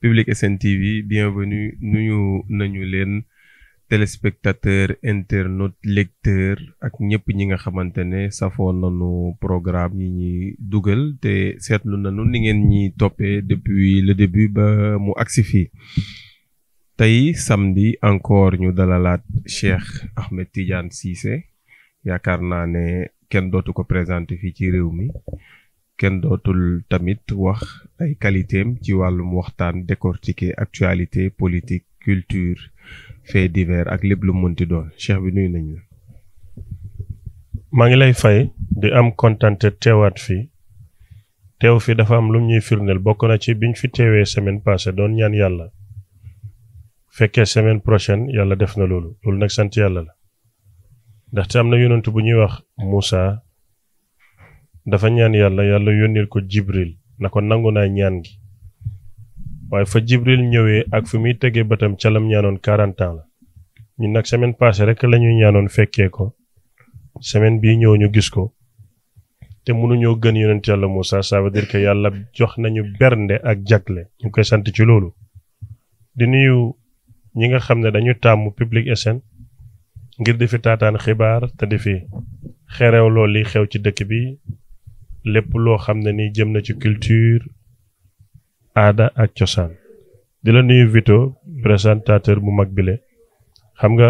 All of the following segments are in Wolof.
Public SN TV bienvenue nuyu nañu leen téléspectateur internaute lecteur ak ñépp ñi nga xamante ne safoon nañu programme yi ñuy dugal te seetlu nañu ni ngeen ñi toppee depuis le début ba mu agsi fii tey samedi encore ñu dalalaat Cheikh Ahmed Tidiane Cissé yaakaar naa ne kenn dootu ko présenté fii ci réew mi kenn dootul tamit wax ay qualitéem ci wàllum waxtaan décortiquer actualité politique culture fait divers ak lépp lu mënti doon Cheikh bi nuyu nañu maa ngi lay fay di am kontante teewaat fii teew fi dafa am lu ñuy firndeel bokk na ci biñ fi teewee semaine passée doon ñaan yàlla. fekkee semaine prochaine yàlla def na loolu loolu nag sant yàlla la ndax ndaxte am na yonent bu ñuy wax Moussa dafa ñaan yàlla yàlla yónnil ko Jibril na ko nangu naa ñaan gi waaye fa Jibril ñëwee ak fi muy tegee batam ca lam ñaanoon 40 ans la ñun nag semaine passée rek lañuy ñaanoon fekkee ko semaine bii ñëw ñu gis ko te mënuñoo gën yonent yàlla Moussa ça veut dire que yàlla jox nañu bernde ak jagle ñu koy sant ci loolu di nuyu ñi nga xam ne dañu tàmm Public SN ngir di fi taataan xibaar te di fi xerew loolu li xew ci dëkk bi lépp loo xam ne ni jëm na ci culture aada ak cosaan di la nuyu Vito présentateur bu mag bile xam nga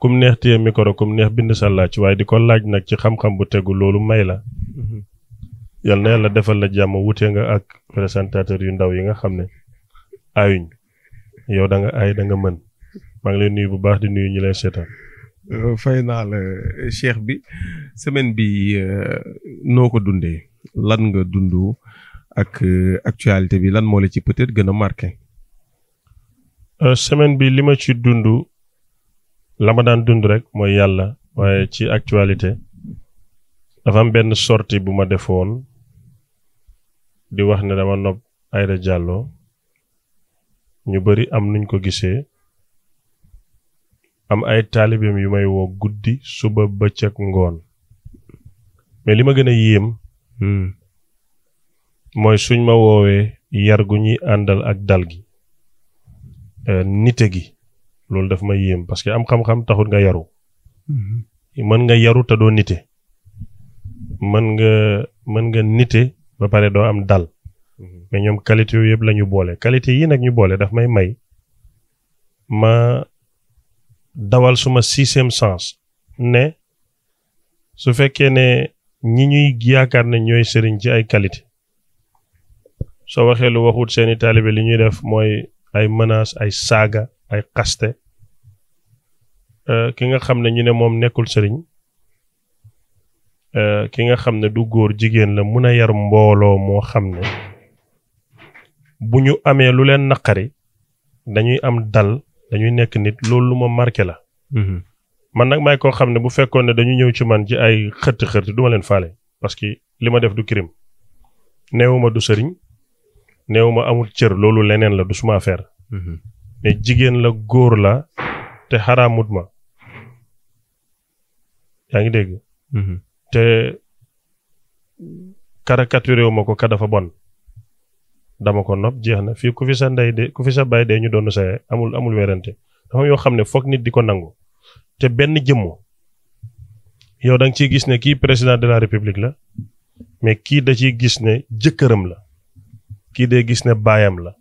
kum neex téye micro kum neex bind sa laaj waaye di ko laaj nag ci xam-xam bu tegu loolu may la mm-hmm. yal na yàlla defal la jàmm wute nga ak présentateur yu ndaw yi nga xam ne ayuñ yow da nga ay da nga mën maa ngi lay nuyu bu baax di nuyu ñu lay seetaan. Euh, fay naa la cheikh bi semaine bi euh, noo ko dundee lan nga dundu ak euh, actualité bi lan moo la ci peut-être gën a marqué. semaine bi li ma ci dundu la ma daan dund rek mooy yàlla waaye ci actualité dafa am benn sortie bu ma defoon di wax ne dama nopp Aïda jàlloo ñu bari am nuñ ko gisee am ay taalibeem yu may woo guddi suba bëccëg ngoon mais li ma gën a yéem hmm. mooy suñ ma woowee yar gu ñuy àndal ak dal gi euh, nitte gi loolu daf ma yéem parce que am xam-xam taxul nga yaru hmm. mën nga yaru te doo nite mën nga mën nga nite ba pare doo am dal Mhm. mais ñoom qualité yooyu yëpp lañu ñu boole qualité yi nag ñu boole daf may may ma dawal suma sixième sens ne su fekkee ne ñi ñuy yaakaar na ñooy sëriñ ci ay qualité soo waxee lu waxut seeni taalibe li ñuy def mooy ay menaces ay saaga ay xaste euh, ki nga xam ne ñu ne moom nekkul sëriñ euh, ki nga xam ne du góor jigéen la mun a yar mbooloo moo xam ne bu ñu amee lu leen naqari dañuy am dal dañuy nekk nit loolu lu ma marqué la. Mhm. man nag may koo xam ne bu fekkoon ne dañu ñëw ci man ci ay xëtt xëtt du ma leen faale parce que li ma def du crime ma du sëriñ ma amul cër loolu leneen la du suma affaire. Mhm. mais jigéen la góor la te xaraamut ma. yaa ngi dégg. Mhm. te caricaturé wu ma ko ka dafa bon. dama ko nopp jeex na fii ku fi sa ndey de ku fi sa baay de ñu doon sa amul amul werante dafa yoo xam ne foog nit di ko nangu te benn jëmm yow danga nga ciy gis ne kii président de la république la mais kii da ciy gis ne jëkkëram la kii de gis ne baayam la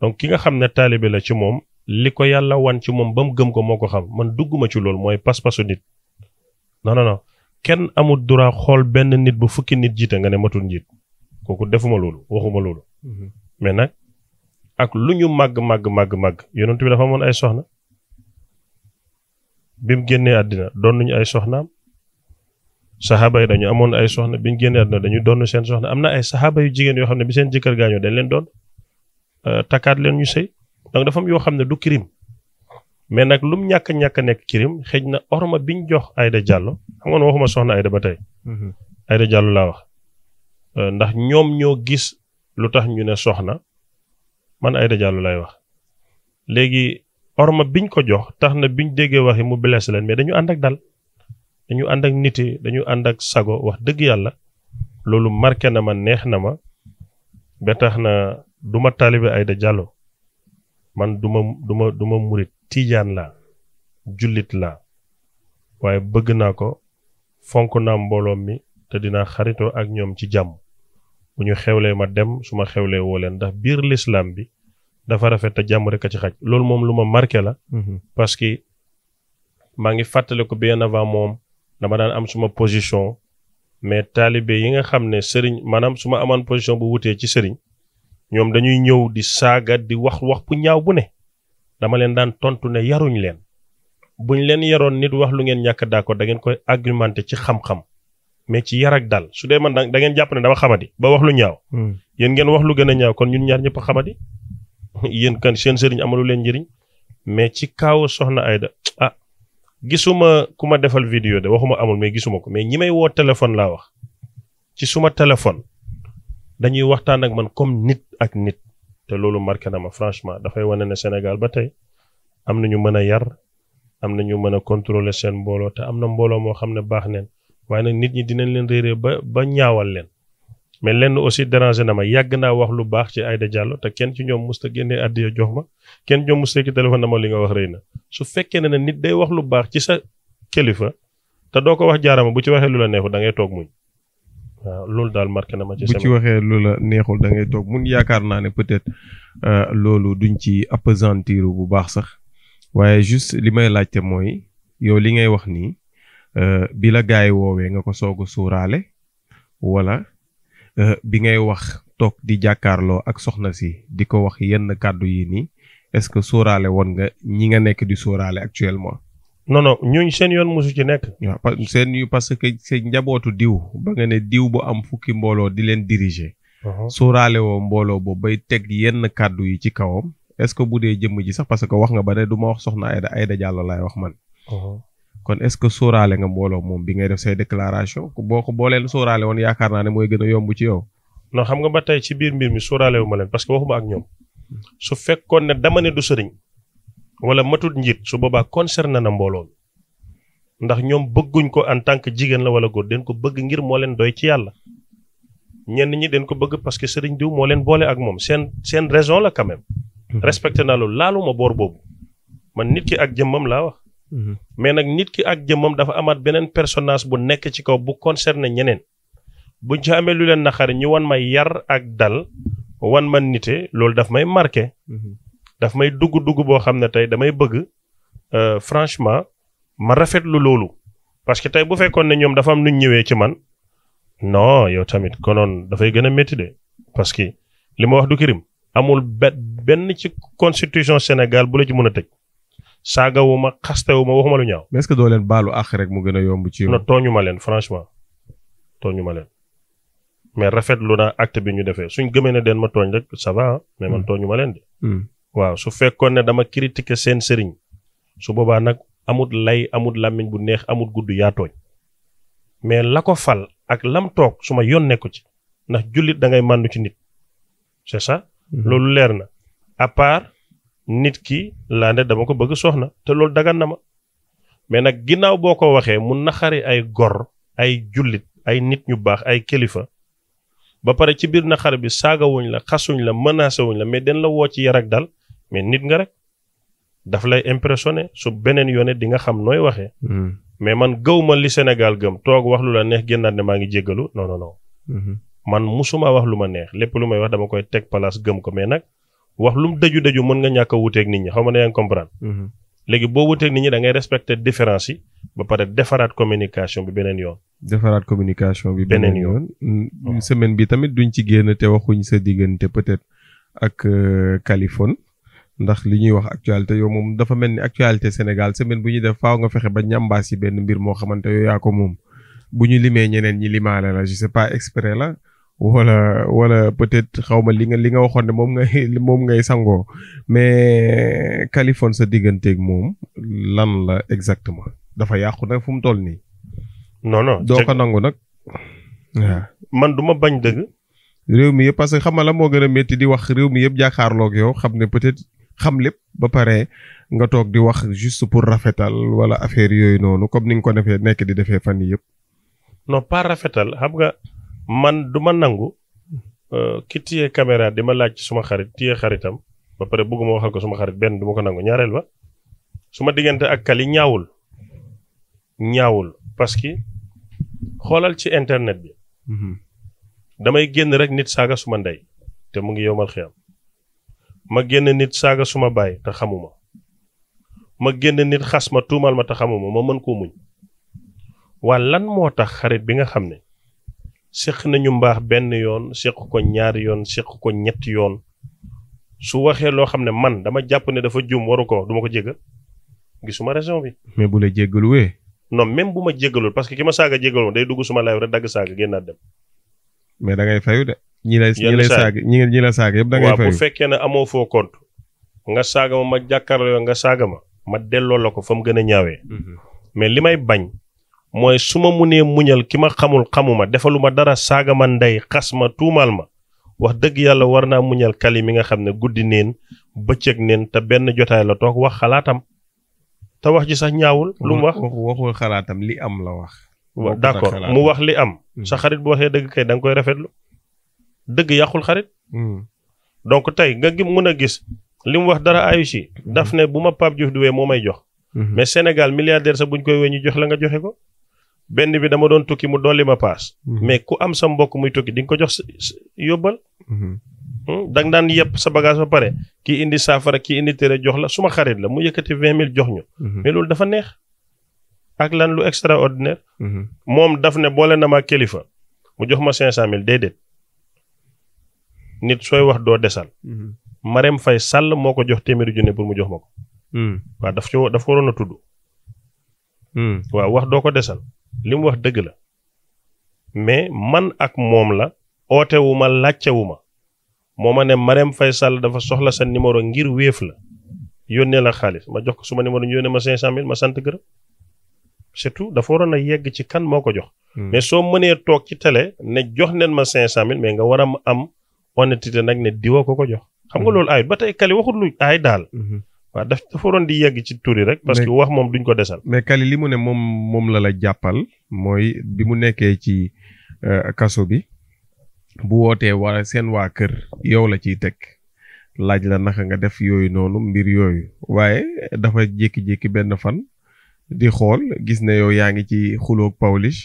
donc ki nga xam ne taalibe la ci moom li ko yàlla wan ci moom ba mu gëm ko moo ko xam man dugguma ci loolu mooy pas-pasu nit non non non kenn amul droit xool benn nit bu fukki nit jiite nga ne matul njiit kooku defuma loolu waxuma loolu. Mm-hmm. mais nag lu ñu màgg màgg màgg màgg yonent bi dafa amoon ay soxna bi mu génnee àddina doon nañu ay soxnaam saxaaba yi amoon ay soxna bi ñu génnee àddina dañu doon seen soxna am na ay saxaaba yu jigéen yoo xam ne bi seen jëkkër gaañoo dañ leen doon euh, takkaat leen ñu sëy donc dafa yoo xam ne du crime mais nag lum ñàkk ñàkk nekk crime xëj na orma biñ jox Aïda Diallo xam nga waxuma soxna Aïda ba tey. Mm-hmm. Aïda Diallo laa wax euh, ndax ñoom ñoo gis. lu tax ñu ne soxna man Aïda Diallo lay wax léegi orma biñ ko jox tax na biñ déggee waxi mu blessé leen mais dañu ànd ak dal dañu ànd ak nite dañu ànd ak sago wax dëgg yàlla loolu marke na ma neex na ma ba tax na duma ma taalibe Aïda man duma duma du ma du ma murit tiijaan laa jullit laa waaye bëgg naa ko fonk naa mbooloom mi te dina xaritoo ak ñoom ci jàmm bu ñu xewlee ma dem su ma xewlee woo leen ndax biir lislaam bi dafa rafet a jàmm rek a ci xaj loolu moom lu ma marqué la. Mhm. parce que maa ngi fàttale ko bien avant moom dama daan am suma position mais taalibe yi nga xam ne sëriñ maanaam su ma amaan position bu wutee ci sëriñ ñoom dañuy ñëw di saaga di wax wax bu ñaaw bu ne dama leen daan tontu ne yaruñ leen buñ leen yaroon nit wax lu ngeen ñàkk d'accord da ngeen koy argumenté ci xam-xam. mais ci yar ak daal su dee man da ngeen jàpp ne dama xamadi ba wax lu ñaaw. Hmm. yéen ngeen wax lu gën a ñaaw kon ñun ñaar ñëpp a xamadi yéen kan seen sëriñ amalu leen njëriñ mais ci kaaw soxna Aida ah gisuma ku ma defal vidéo de waxuma amul mais gisuma ko mais ñi may woo téléphone laa wax ci suma téléphone dañuy waxtaan ak man comme nit ak nit te loolu marqué na ma franchement dafay wane ne Sénégal ba tey am na ñu mën a yar am na ñu mën a contrôler seen mbooloo te am na mbooloo moo xam ne baax neen waaye nag nit ñi dinañ leen réeree ba ba ñaawal leen mais lenn aussi dérangé na ma yàgg naa wax lu baax ci ayda Diallo te kenn ci ñoom musta génnee àddiya jox ma kenn ñoom musta ki téléphone na ma li nga wax rëy na su fekkee ne nit day wax lu baax ci sa kilifa te doo ko wax jaarama bu ci waxee lu la neexul da ngay toog muñ waaw loolu daal marqué na ma ci bu ci waxee lu la neexul da ngay toog mun yaakaar naa ne peut-être euh, loolu duñ ci appesantir bu baax sax waaye juste li may laajte mooy yow li ngay wax nii Euh, bi la gaay woowee nga ko soog a suuraale wala euh, bi ngay wax toog di jàkkaarloo ak soxna si di ko wax yenn kàddu yi nii est-ce que suuraale woon nga ñi nga nekk di suuraale actuellement. non non ñooñ seen yoon mosu ci nekk. waaw seen yu parce que seen njabootu diw ba nga ne diw bu am fukki mbooloo di leen diriger. Uh-huh. suuraale woo mbooloo boobu bay teg yenn kàddu yi ci kawam est-ce que bu dee jëmm ji sax parce que wax nga ba ne du ma wax soxna Aida Aida Diallo laay wax man. Uh-huh. kon est-ce que sóoraale nga mbooloo moom bi ngay def say déclaration boo ko boo leen sóoraale woon yaakaar naa ne mooy gën a yomb ci yow. non xam nga ba tey ci biir mbir mi sóoraale wu ma leen parce waxuma ak ñoom su fekkoon ne dama ne du sëriñ wala matut njiit su boobaa concerné na mbooloo ndax ñoom bëgguñ ko en tant que jigéen la wala góor den ko bëgg ngir moo leen doy ci yàlla. ñenn ñi den ko bëgg parce que sëriñ diw moo leen boole ak moom seen seen raison la quand même. Mm-hmm. respecté naa loolu laaluma boor boobu Mhm. mais nag nit ki ak jëmmam dafa amaat beneen personnage bu nekk ci kaw bu concerné ñeneen buñ ci amee lu leen naqari ñu wan ma yar ak dal wan ma nite loolu dafa may marqué. Mhm. daf may dugg-dugg boo xam ne tey damay bëgg euh, franchement ma rafetlu loolu. parce que tey bu fekkoon ne ñoom dafa am nuñ ñëwee ci man non yow tamit konoon dafay gën a métti de parce que li ma wax du kirim amul benn ci constitution Sénégal bu la ci mën a tëj. saagawuma xastewuma waxuma lu ñaaw. mais est que doo leen baalu àq rek mu gën a yomb ci. non tooñu ma leen franchement tooñu ma leen mais rafetlu naa acte bi ñu defee suñ gëmee ne den ma tooñ rek ça va mais man hmm. tooñu ma leen de. Hmm. waaw su fekkoon ne dama critiquer seen sëriñ su boobaa nag amut lay amut làmmiñ bu neex amut gudd yaa tooñ mais la ko fal ak lam toog suma yoon nekku ci ndax jullit da ngay màndu ci nit c'est ça. Hmm. loolu leer na à nit ki laa ne dama ko bëgg soxna te loolu dagan na ma mais nag ginnaaw boo ko waxee mu naxari ay gor ay jullit ay nit ñu baax ay kilifa ba pare ci biir naxar bi saagawuñ la xasuñ la menacé wuñ la mais den la woo ci yar ak dal mais nit nga rek daf lay impressionné su beneen yoone di nga xam nooy waxee. Hmm. mais man gëw ma li Sénégal gëm toog wax lu la neex génnaat ne maa ngi jéggalu non non non. Hmm. man musuma wax lu ma neex lépp lu may wax dama koy teg place gëm ko mais nag wax lu mu daju daju mën nga ñàkk a wuuteeg nit ñi xaw ma ne yaa ngi comprendre. Mhm. léegi boo wuuteeg nit ñi da ngay respecter différence yi ba pare defaraat communication bi beneen yoon. defaraat communication bi. beneen yoon yoon. Mm, semaine bi tamit duñ ci génn te waxuñ sa diggante peut-être ak Kaliphone euh, ndax li ñuy wax actualité yow moom dafa mel ni actualité Sénégal semaine bu ñuy def faaw nga fexe ba ñambaas yi benn mbir moo xamante yow yaa ko moom bu ñu limee ñeneen ñi limaale la je pas exprès la. wala wala peut-être xaw ma li nga li nga waxoon ne moom ngay moom ngay sangoo mais kalifon sa digganteeg moom lan la exactement dafa yàqu nag fu mu toll nii. non non doo ko nangu nag. waaw man duma bañ dëgg. réew mi yëpp parce que xam nga la moo gën a métti di wax réew mi yëpp jàkkaarloog yow xam ne peut-être xam lépp ba pare nga toog di wax juste pour rafetal wala affaire yooyu noonu comme ni nga ko defee nekk di defee fan yii yëpp. non pas rafetal xam nga. man du ma nangu uh, ki téye caméra di ma laaj ci suma xarit téye xaritam ba pare bëgguma waxal ko suma xarit benn du ma ko nangu ñaareel ba suma diggante ak Kali ñaawul ñaawul parce que xoolal ci internet bi. Mm -hmm. damay génn rek nit saaga suma ndey te mu ngi yomal xiyam ma génn nit saaga suma baay te xamuma ma génn nit xas ma tuumal ma te xamuma ma mën koo muñ waa lan moo tax xarit bi nga xam ne séq nañu mbaax benn yoon séq ko ñaar yoon séq ko ñetti yoon su waxee loo xam ne man dama jàpp ne dafa juum waru ko duma ko jéggal gisuma raison bi. mais bu la jéggaluwee. non même bu ma jéggalul parce que ki ma saaga jéggalul day dugg suma live rek dagg saaga génnaat dem. mais da ngay fayu de. ñi lay ñi lay saag ñi la yëpp da ngay bu fekkee ne amoo foo compte nga saaga ma ma jàkkaarloo nga saaga ma ma delloo la ko fa mu gën a ñaawee. Mhm. mais li may bañ mooy su ma munee muñal ki ma xamul xamuma defaluma dara saaga ma ndey xas ma tuumaal ma wax dëgg yàlla war naa muñal kali mi nga xam ne guddi neen bëccëg neen te benn jotaay la toog wax xalaatam te wax ji sax ñaawul. lu mu wax waxul xalaatam li am la wax. waaw d'accord mu wax li am. Hmm. sa xarit bu waxee dëgg kay da nga koy rafetlu dëgg yàqul xarit. Hmm. donc tey nga gi mën a gis li mu wax dara ayu si. daf ne bu ma Pape Diouf di wee moo may jox. Hmm. mais Sénégal milliardaire sa buñ koy wee ñu jox la nga joxe benn bi dama doon tukki mu dolli ma paas. Mhm. mais ku am sa mbokk muy tukki di ko jox yóbbal. Mhm. Hmm? dang daan yëpp sa bagage ba pare kii indi saafara kii indi téere jox la suma xarit la mu yëkkati vingt mille jox ñu. Mhm. mais loolu dafa neex. ak lan lu extraordinaire. moom daf ne boole na ma kilifa mu jox ma cinq cent mille déedéet nit sooy wax doo desal. Marème Faye Sall moo ko jox téeméeri junne pour mu jox ma ko. waa daf ci daf waroon a tudd. waaw wax doo ko desal. li mu wax dëgg la mais man ak moom la ootewu ma laajtewu ma moo ma ne Marème fay Sall dafa soxla sa numéro ngir wéef la yónnee la xaalis ma jox ko suma numéro ñu yónnee ma 500000 ma sant gërëm surtout dafa waroon a yegg ci kan moo ko jox. Hmm. mais soo mënee toog ci tele ne jox neen ma 500000 mais nga war a am honnêteté nag ne diwa ko ko jox. xam nga hmm. loolu aayut ba tey kali waxul lu aay daal. Hmm. waaw daf dafa waroon di yegg ci tur rek. parce que wax moom duñ ko desal. mais Kali li mu ne moom moom la la jàppal mooy bi mu nekkee ci euh, kaso bi bu wootee waa seen waa kër yow la ciy teg laaj la naka nga def yooyu noonu mbir yooyu waaye dafa jékki-jékki benn fan di xool gis na yow yaa ngi ci xuloog Pawlish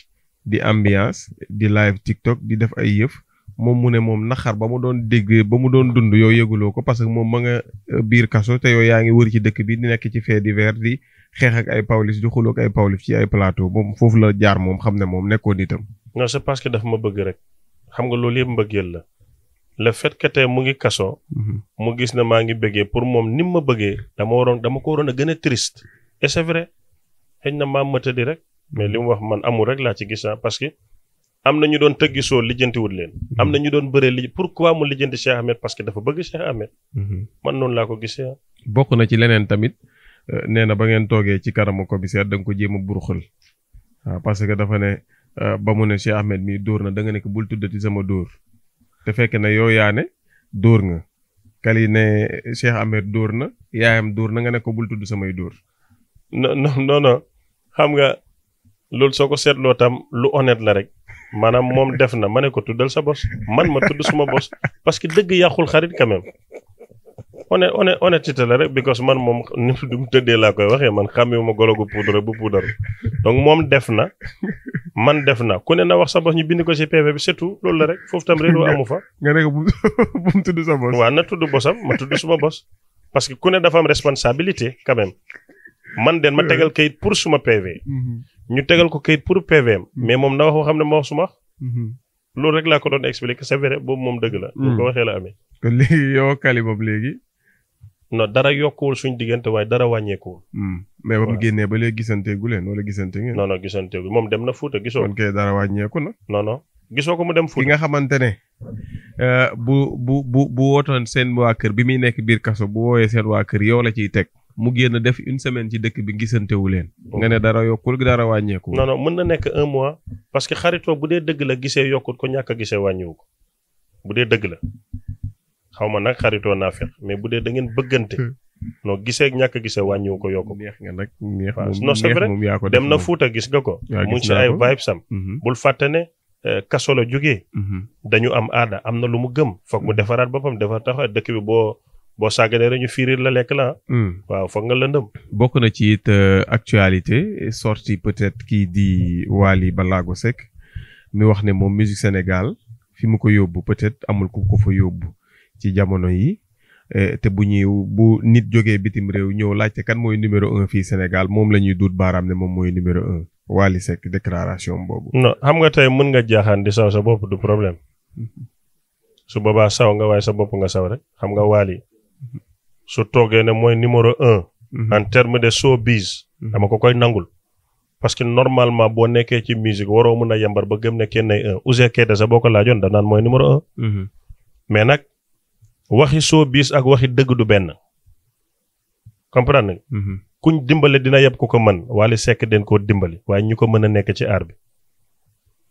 di ambiance di live TikTok di def ay yëf. moom mu ne moom naxar ba mu doon déggee ba mu doon dund yow yëguloo ko parce que moom ma nga euh, biir kaso te yow yaa ngi wër ci dëkk bi di nekk ci fait divers di xeex ak ay Pawlish di xuloo ay Pawlish ci ay plateau moom foofu la jaar moom xam ne moom nekkoon nitam. non c'est parce que daf ma bëgg rek xam nga loolu yëpp mbëggeel la. le fait que mu ngi kaso mhm. mu gis na maa ngi bëggee pour moom ni mu ma bëggee dama waroon dama ko waroon a gën a triste et c'est vrai xëy na maa ma tëddi rek mais li mu wax man amul rek laa ci gis ah, parce que am na ñu doon tëggi soo lijjantiwut leen. Mm-hmm. am na ñu doon bëree pour pourquoi mu lijjanti Cheikh Ahmed parce que dafa bëgg Cheikh Ahmed. Mm-hmm. man noonu laa ko gisee. bokk na ci leneen tamit euh, nee na ba ngeen toogee ci kanamu commissaire da nga ko jéema a buruxal ah, parce que dafa ne euh, ba mu ne Cheikh Ahmed mii dóor na da nga ne ko bul tuddati sama dóor te fekk na yow yaa ne dóor nga kali ne Cheikh Ahmed dóor na yaayam dóor na nga ne ko bul tudd samay dóor. non non non xam nga loolu soo ko seetloo tam lu honnête la rek. maanaam moom def na ma ne ko tuddal sa bos man ma tudd suma bos parce que dëgg yàqul xarit quand one one honnête honnêteté la rek because man moom ni mu tëddee laa koy waxee man xàmmiwuma golo gu poudre bu poudre donc moom def na man def na ku ne na wax sa bos ñu bind ko ci PV bi surtout loolu la rek foofu tam réeroo amu fa. nga ne ko bu mu tudd sa bos. waaw na tudd bosam ma tudd suma bos parce que ku ne dafa am responsabilité quand man den ma mm-hmm. tegal kayit pour suma PV. Mm-hmm. ñu tegal ko kayit pour PVM. Mm-hmm. mais moom na wax boo xam ne ma wax suma. loolu rek laa ko doon expliqué sa vrai boobu moom dëgg la. bu mm. ko waxee la ame kon léegi yow kali boobu léegi. non dara yokkuwul suñ diggante waaye dara wàññeekuwul. Mm. mais ba mu génnee ba léegi leen wala gisante ngeen. non non moom dem na Fuuta gisoo. kon dara wàññeeku na. non non gisoo ko mu dem Fuuta. ki nga xamante ne euh, bu bu bu bu wootoon seen waa kër bi muy nekk biir kaso bu woowee seen waa kër yow la ciy teg. mu génn def une semaine ci dëkk bi gisantewu leen. nga ne dara yokkul dara wàññeeku. non mën na nekk un mois parce que xaritoo bu dee dëgg la gisee yokkut ko ñàkk a gisee wàññiwu ko bu dee dëgg la xaw ma nag xaritoo naa fex mais bu dee da ngeen bëggante. noo gisee ñàkk gisee wàññiwu ko yokku. neex nga nag neex non c'est vrai dem na Fuuta gis nga ko. mu ngi si ay vibe sam. Mm-hmm. bul fàtte ne euh, kaso la mm-hmm. dañu am aada am na lu mu gëm. foog mu mm-hmm. defaraat boppam defar tax dëkk bi boo. boo sàgganee rek ñu firir la lekk la hmm. waaw foog nga lëndëm. bokk na ci it euh, actualité sorti peut-être kii di Waly Ballago Seck mi wax ne moom musique Sénégal fi mu ko yóbbu peut-être amul ku ko fa yóbbu ci jamono yi euh, te bu ñuy bu nit jógee bitim réew ñëw laajte kan mooy numéro un fii Sénégal moom la ñuy duut baaraam ne moom mooy numéro un Waly Seck déclaration boobu. non xam nga tey mën nga jaaxaan di saw sa bopp du problème hmm. su boobaa saw nga waaye sa bopp nga saw rek xam nga Waly su toogee ne mooy numéro un. Mhm. en terme de showbiz. Mhm. dama ko koy nangul. parce que normalement boo nekkee ci musique waroo mën a yembar ba gëm ne kenn ay un Ouzin Keita sax boo ko laajoon da naan mooy numéro un. Mhm. mais nag waxi showbiz ak waxi dëgg du benn. comprendre kuñ dimbale dina yeb ku ko mën Wally sekk den koo dimbali waaye ñu ko mën a nekk ci aar bi.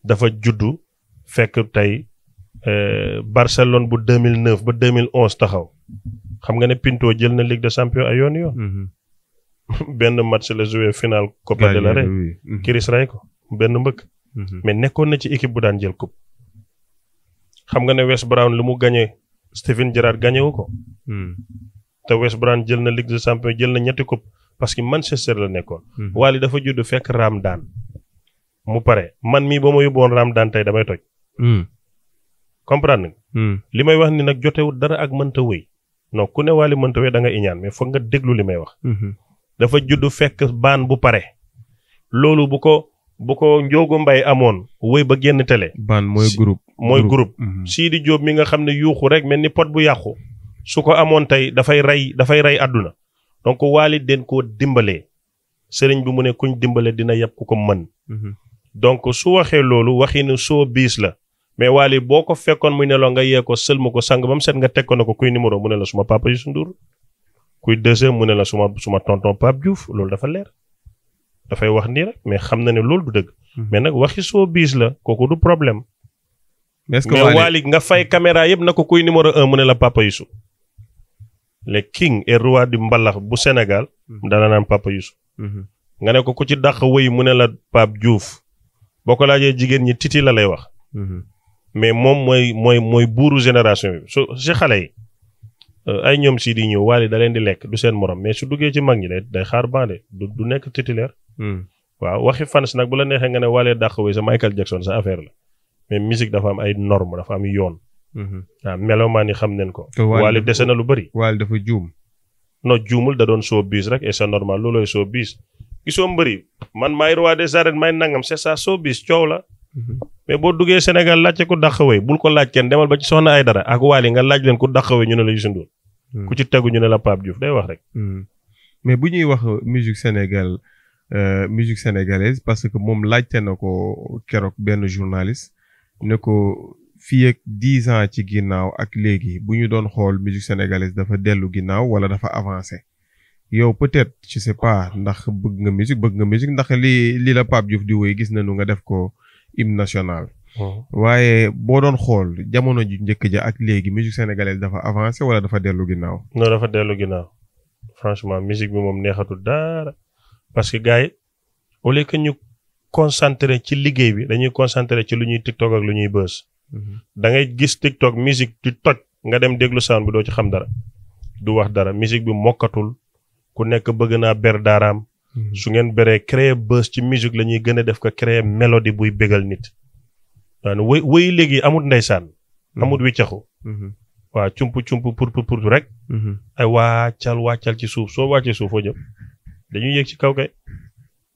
dafa juddu fekk tey euh, Barcelone bu 2009 ba 2011 taxaw. xam nga ne Pinto jël na Ligue de champions ay yoon mhm. benn match la joué final Copa del mhm. Rey. Chris ray ko benn mbëkk. Mhm. mais nekkoon na ci équipe bu daan jël coupe. xam nga ne West Brown lu mu gagné Stephen Gerrard gagné wu ko. te West Brown jël na Ligue des champions jël na ñetti coupe parce que Manchester la nekkoon. Wally dafa judd fekk raam daan. mu pare man mii ba ma yóbboon raam daan tey damay toj. comprendre li may wax ni nag jotewut dara ak mënta wéy. non ku ne Wally mënta we da nga iñaan mais foog nga déglu li may wax. Mhm. dafa juddu fekk baan bu pare. loolu bu ko bu ko Ndiogo mbay amoon wéy ba génn télé. baan mooy groupe mooy groupe. Mhm. Sidi Diop mi nga xam ne yuuxu rek mel ni pot bu yàqu. su ko amoon tey dafay rey dafay rey àdduna donc Wally den koo dimbalee sëriñ bi mu ne kuñ dimbale dina yab ku ko mën. Mhm. donc su waxee loolu waxi ne soo biis la. mais Wally boo ko fekkoon muy neloo nga yee ko sëlma ko sang ba mu set nga teg ko na ko kuy numéro mu ne la suma papa Youssou Ndour kuy deuxième mu ne la suma suma tonton Pape Diouf loolu dafa leer dafay wax nii rek mais xam na ne loolu du dëgg. Hmm. mais nag waxi soo biis la kooku du problème. mais Wally nga fay caméra yëpp na ko kuy numéro un mu ne la papa Youssou. le king et mbalax bu Sénégal. Hmm. dana naan papa Youssou. Hmm. nga ne ko ku ci dàq wëy mu ne la Pape juuf boo ko laajee jigéen ñi titi la lay wax. mais moom mooy mooy mooy buuru génération bi su si xale yi euh, ay ñoom si di ñëw waale da leen di lekk du seen morom mais su duggee ci mag ñi day day xaar bande du du nekk titulaire. Hmm. waaw waxi fans nag bu la neexee nga ne waale dàq wi sa Michael Jackson sa affaire la mais musique dafa am ay norme dafa am yoon. waaw hmm. ah, melomaan yi xam nañ ko. waale dese na lu bëri. waale dafa juum. no juumul da doon soo showbiz rek et c'est normal loolooy showbiz. gisoo mbëri man maay roi des arènes maay nangam c'est ça showbiz la. mais boo duggee Sénégal laajte ku dàq way bul ko laaj kenn demal ba ci soxna ay dara ak waali nga laaj leen ku dàq way ñu ne la Youssou Ndour hmm. ku ci tegu ñu ne la Pape Diouf day wax rek. Hmm. mais bu ñuy wax musique Sénégal euh, musique sénégalaise parce que moom laajte na ko keroog benn journaliste ne ko fii ak dix ans ci ginnaaw ak léegi bu ñu doon xool musique sénégalaise dafa dellu ginnaaw wala dafa avancé. yow peut-être je sais pas ndax bëgg nga musique bëgg nga musique ndax li li la Pape Diouf di woy gis nañu nga def ko hymne national. Hmm. waaye boo doon xool jamono ju njëkk ja ak léegi musique sénégalaise dafa avancé wala dafa dellu ginnaaw. non dafa dellu ginnaaw franchement musique bi moom neexatul dara parce que gars yi au lieu que ñu concentré ci liggéey bi dañuy concentré ci lu ñuy tiktok ak lu ñuy bës. Mhm. da ngay gis tiktok musique di toj nga dem déglu sound bi doo ci xam dara. du wax dara musique bi mokkatul ku nekk bëgg naa ber daaraam Mhm. su ngeen beree créer buzz ci musique la ñuy gën a def ko créer mélodie buy bégal nit. daan wëy wëy léegi amut ndeysaan. Mhm. amut wiccaxu mhm. waa cump cump pour pour pour rek. ay wàccal wàccal ci suuf soo wàccee suuf foo jëm dañuy yéeg ci kaw kay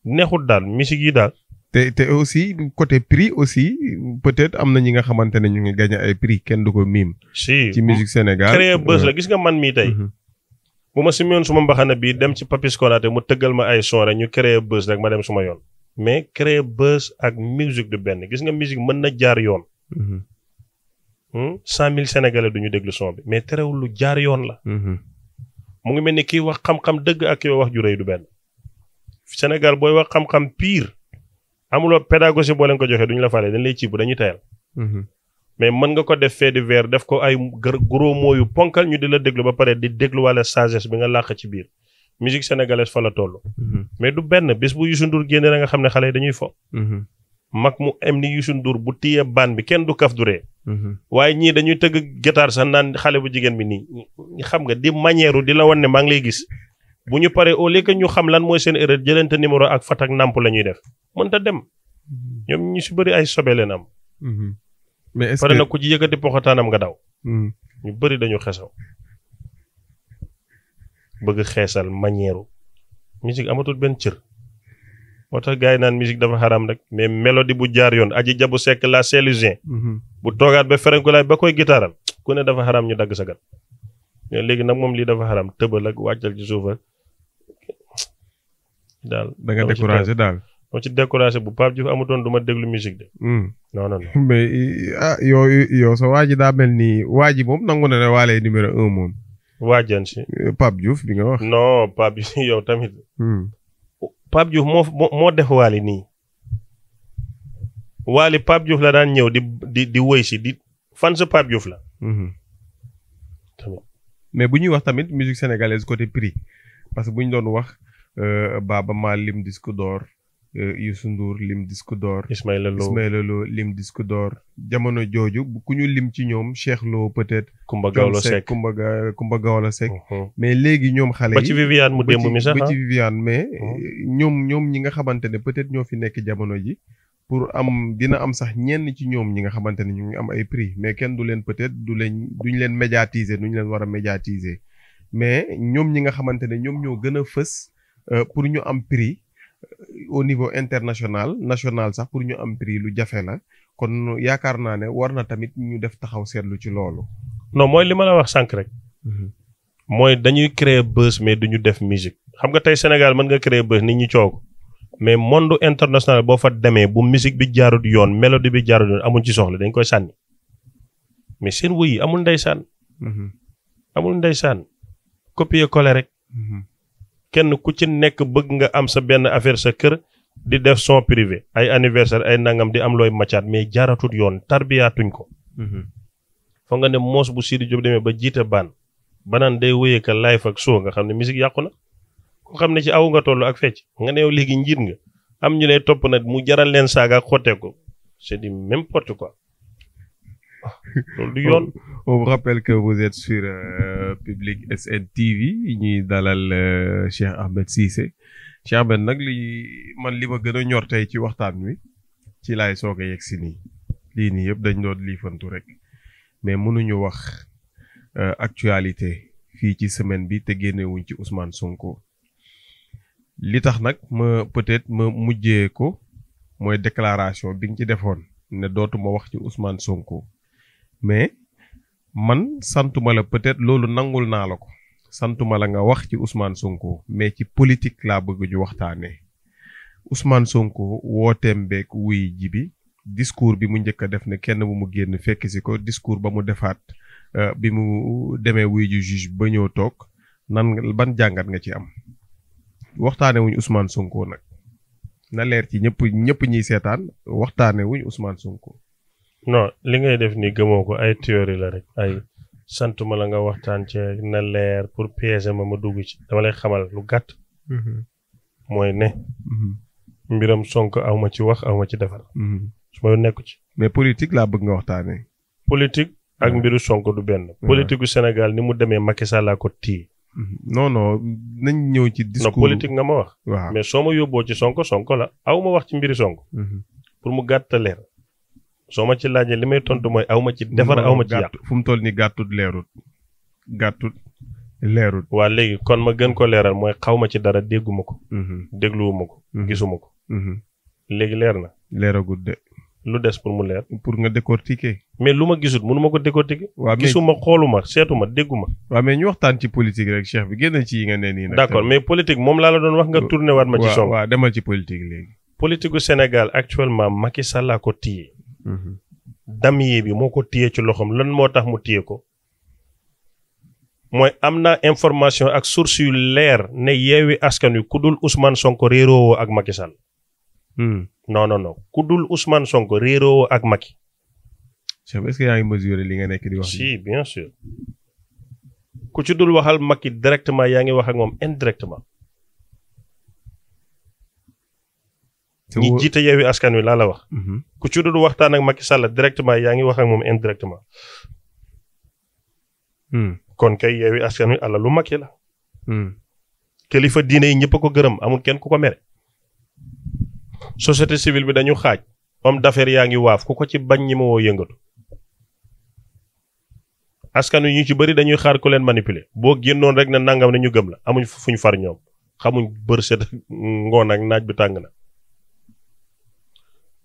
neexut daal musique yi daal. te te aussi côté prix aussi peut-être am na ñi nga xamante ne ñu ngi gagné ay prix kenn du ko miim. si ci musique Sénégal créer buzz euh, la gis nga man mii tey. bu ma simmeoon suma mbaxana bii dem ci Papis Konaté mu tëggal ma ay son rek ñu créer buzz rek ma dem suma yoon mais créer buzz ak musique du benn gis nga musique mën na jaar yoon. Mhm. Hmm? cent mille sénégalais du ñu déglu son bi mais terewul lu jaar yoon la. Mhm. mu ngi mel ni kiy wax xam-xam dëgg ak yow wax ju rëy du benn. senegal booy wax xam-xam pire amuloo pédagogie boo leen ko joxee du ñu la faale dañ lay ci dañuy tayal. Mhm. mais mën nga ko def fee di weer def ko ay guro mots yu ponkal ñu di la déglu ba pare di déglu dégluwaale sagesse bi nga làq ci biir musique sénégalaise fa la toll. Mhm. mais du benn bés bu Youssou Ndour génnee da nga xam ne xale yi dañuy fo. Mhm. mag mu am ni Youssou Ndour bu téye baan bi kenn du kaf duree. Mhm. waaye ñii dañuy tëgg guitare sax naan xale bu jigéen bi nii. xam nga di manière di la wan ne maa ngi lay gis bu ñu paree au lieu ñu xam lan mooy seen erreur jëlante numéro ak fatak nàmp la ñuy def mënta dem. ñoom ñu si bëri ay sobe leen am. mais est-ce ku ci yëkkati poxataanam nga daw. Hmm. ñu mm. bëri dañu xesaw bëgg xeesal manière musique amatul benn cër. moo tax gars naan musique dafa xaram rek mais mélodie bu jaar yoon aji jabu sekk la Célusien. Mm bu toogaat ba ferenkulaay ba koy gitaaral ku ne dafa xaram ñu dagg sa gat mais léegi nag moom lii dafa xaram tëbal ak wàccal ci suufa daal da nga daal. boo ci découragé bu Pape Diouf amutoon du ma déglu musique de. Hmm. non non mais ah yow yow daa mel ni waa ji moom nangu na ne waa lay numéro un moom. waajan si. Pape Diouf bi nga wax. non Pape yow tamit. Hmm. Pape Diouf moo moo def waali nii. waali Pape Diouf la daan ñëw di di di si di fan sa Pape Diouf la. Hmm. mais bu ñuy wax tamit musique sénégalaise côté prix parce que bu ñu doon wax euh, Baaba Maal lim disque d'or Eh, Youssou Ndour lim disque door Ismaïla Lo Ismaïla Lo lim disque door jamono jooju ku ñu lim ci ñoom Cheikh Lo peut-être. Kumba Gawlo Seck Kumba Ga Kumba Gawlo Seck. Mhm. mais léegi ñoom xale yi ba ci Viviane mu démb mi sax ah. mais. Mhm. Eh, ñoom ñoom ñi nga xamante ne peut-être ñoo fi nekk jamono ji. pour am dina am sax ñenn ci ñoom ñi nga xamante ne ñu ngi am ay prix mais kenn du leen peut-être du leen duñ leen médiatiser duñ leen war a médiatiser mais ñoom ñi nga xamante ne ñoom ñoo gën a fës euh, pour ñu am prix. au niveau international national sax pour ñu am prix lu jafe la kon yaakaar naa ne war na tamit ñu def taxaw seetlu ci loolu. non mooy li ma la wax sànq rek. Mhm. mooy dañuy créer buzz mais du ñu def musique xam nga tey Sénégal mën nga créer buzz nit ñi coow mais monde international boo fa demee bu musique bi jaarut yoon mélodie bi jaarut yoon amuñ ci soxla dañ koy sànni mais seen wëy yi amul ndeysaan. Mhm. amul ndeysaan copier coller rek. Mhm. kenn ku ci nekk bëgg nga am sa benn affaire sa kër di def son privé ay anniversaire ay nangam di am looy macaat mais jaaratut yoon tarbiyaatuñ ko. Mhm. foo nga ne moos bu Sidi Diop deme ba jiite baan banaan day wéyee ka live ak soo nga xam ne musique yàqu na ku xam ne ci awu nga toll ak fecc nga ne yow léegi njiit nga am ñu lay topp nag mu jaral leen saaga ak ko c'est du n'importe quoi. loolu du yoon. on vous rappelle que vous sur euh, Public SN ñuy dalal euh, Cheikh Ahmed Cissé Cheikh Ahmed nag li man li ma gën a ñor tey ci waxtaan wi ci lay soog a si nii lii nii yëpp dañ doon liifantu rek mais mënuñu wax euh, actualité fii ci semaine bi te génnewuñ ci Ousmane Sonko li tax nag ma peut-être ma mujjee ko mooy déclaration bi nga ci defoon ne dootuma wax ci Ousmane Sonko. mais man santuma la peut-être loolu nangul naa la ko santuma la nga wax ci Ousmane Sonko mais ci politique laa bëgg ñu waxtaanee Ousmane Sonko wooteem beeg wuy jibi bi bi mu njëkk a def ne kenn bu mu génn fekk si ko discours ba mu defaat uh, bi mu demee wuy ji juge ba ñëw toog nan ban jàngat nga ci am waxtaane wuñ Ousmane Sonko nag na leer ci ñëpp ñëpp ñiy seetaan waxtaane wuñ Ousmane Sonko non li ngay def ni gëmoo ko ay théorie la rek ay santuma la nga waxtaan ci na leer pour piéger ma ma dugg ci dama lay xamal lu gàtt. Mm-hmm. mooy ne. Mm-hmm. mbiram sonk aw ma ci wax aw ma ci defar. Mm-hmm. su ma nekku ci. mais politique laa bëgg nga waxtaanee. politique ak mbiru sonk du benn. politique gu Sénégal ni mu demee Macky Sall laa ko tii. non non ñëw ci. discours non politique nga ma wax. waaw mais soo ma yóbboo ci Sonko Sonko la aw wax ci mbiri Sonko. pour mu gàtt leer. soo ma ci laajee li may tontu mooy aw ma ci defar aw ma ci yàq fu mu toll nii gàttut leerut gàttut leerut. waa léegi kon ma gën ko leeral mooy xaw ma ci dara dégguma ko. Mhm. dégluwuma ko. Mhm. gisuma ko. Mhm. léegi leer na. leeragut de. lu des pour mu leer. pour nga décortiquer. mais lu ma gisut mënu ma ko décortiquer. waaw mais gisuma xooluma seetuma dégguma. waaw mais ñu waxtaan ci politique rek cheikh bi génn ci yi nga ne nii nag. d'accord mais politique moom laa la doon wax nga tourné waat ma ci. song waaw ci politique léegi. politique gu Sénégal actuellement Macky Sall laa ko Mm-hmm. damier bi moo ko téye ci loxoom lan moo tax mu téye ko mooy am na information ak source yu leer ne yeewi askan wi ku dul Ousmane Sonko réeroowoo ak Macky Sall mm. non non non ku dul Ousmane Sonko réeroowoo ak Macky. est yaa ngi mesurer li nga nekk di si bien sûr ku ci dul waxal Macky directement yaa ngi wax ak moom indirectement. ñi jiite yeewi askan wi laa la wax. Mhm. ku ci dul waxtaan ak Macky Sall directement yaa ngi wax ak moom indirectement. Hmm. kon kay yeewi askan wi àlalu Macky la. Hmm. kilifa diine yi ñëpp a ko gërëm amul kenn ku ko mere. société civile bi dañu xaaj. homme d'affaires yaa ngi waaf ku ko ci bañ ñi ma woo yëngatu. askan wi ñu ci bëri dañuy xaar ku leen manipuler boo génnoon rek ne nangam ne ñu gëm la amuñ fu ñu far ñoom xamuñ bër set ngoon ak naaj bi tàng na.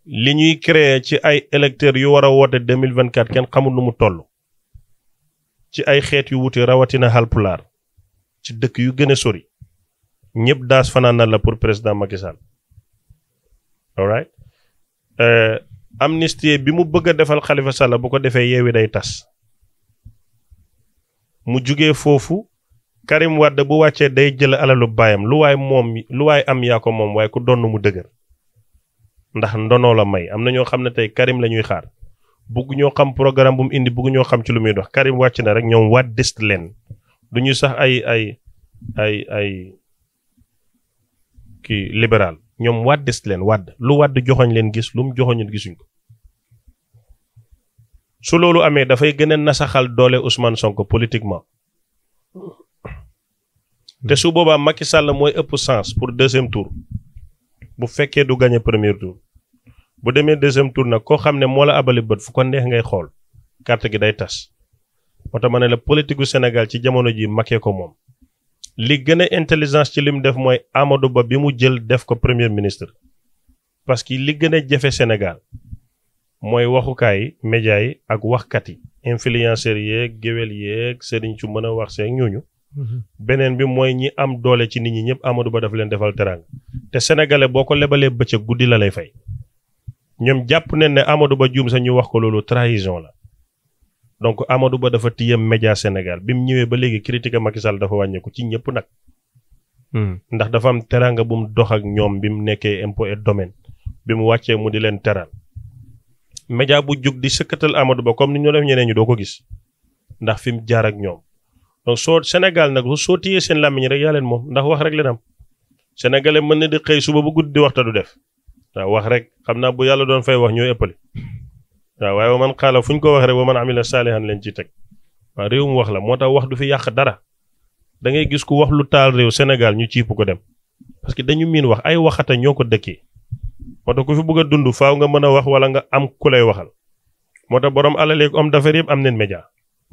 li ñuy créer ci ay électeurs yu war a woote 2024 kenn xamul nu mu toll ci ay xeet yu wuti rawatina halpulaar ci dëkk yu gën a sori ñëpp daas fanaana la pour président Macky Sall all right uh, bi mu bëgg a defal Khalifa Sall bu ko defee yeewi day tas mu jugee foofu Karim wàdd bu wàccee day jël alalu baayam lu waay moom lu waay am yaa ko moom waaye ku donn mu dëgër ndax ndono la may am na ñoo xam ne tey Karim la ñuy xaar bugg ñoo xam programme bu mu indi bugg ñoo xam ci lu muy dox Karim wàcc na rek ñoom waa des leen lu ñu sax ay ay ay ay kii libéral ñoom waa des leen wàdd lu wàdd joxoñ leen gis lu mu joxoñ leen gisuñ ko su loolu amee dafay gëna nasaxal doole Ousmane Sonko politiquement te su boobaa makki Sall mooy ëpp sens pour deuxième tour bu fekkee du gagné première tour bu demee deuxième tour koo xam ne moo la abali bët fu ko neex ngay xool carte gi day tas moo tax ma ne la politique gu Sénégal ci jamono ji makkee ko moom li gën a intelligence ci li mu def mooy Amadou Ba bi mu jël def ko premier ministre parce que li gën a jafe senegal mooy waxukaay média yi ak waxkat yi influenceurs yeeg géwél yeeg sëriñ su mën a wax seeg ñooñu mhm. beneen bi mooy ñi am doole ci nit ñi ñëpp Amadou Ba daf leen defal teraanga te sénégalais boo ko lebalee bëccëg guddi la lay fay ñoom jàpp nañ ne Amadou Ba juum sa ñu wax ko loolu trahison la donc amadu Ba dafa téye média Sénégal bi mu ñëwee ba léegi critique Macky Sall dafa wàññeeku ci ñëpp nag. Hmm. ndax dafa am teraanga bu mu dox ak ñoom bi mu nekkee impôt et domaine bi mu wàccee mu di leen teral média bu jug di sëkkatal amadu Ba comme ni ñu def ñeneen ñu doo ko gis ndax fi mu jaar ak ñoom soo Sénégal nag soo tiyee seen làmmiñ rek yaa leen moom ndax wax rek leen am sénégalais mën na di suba ba guddi di waxta du def. waa wax rek xam naa bu yàlla doon fay wax ñoo ëppale waaw waaye wa man xaala fu ñu ko wax rek wa man a amila saalihan leen ci teg waaw réew mu wax la moo tax wax du fi yàq dara da ngay gis ku wax lu taal réew Sénégal ñu ciip ko dem parce que dañu miin wax ay waxata ñoo ko dëkkee moo tax ku fi bëgg dund faaw nga mën a wax wala nga am ku lay waxal moo tax borom alaleeg homme d'affaires yëpp am neen média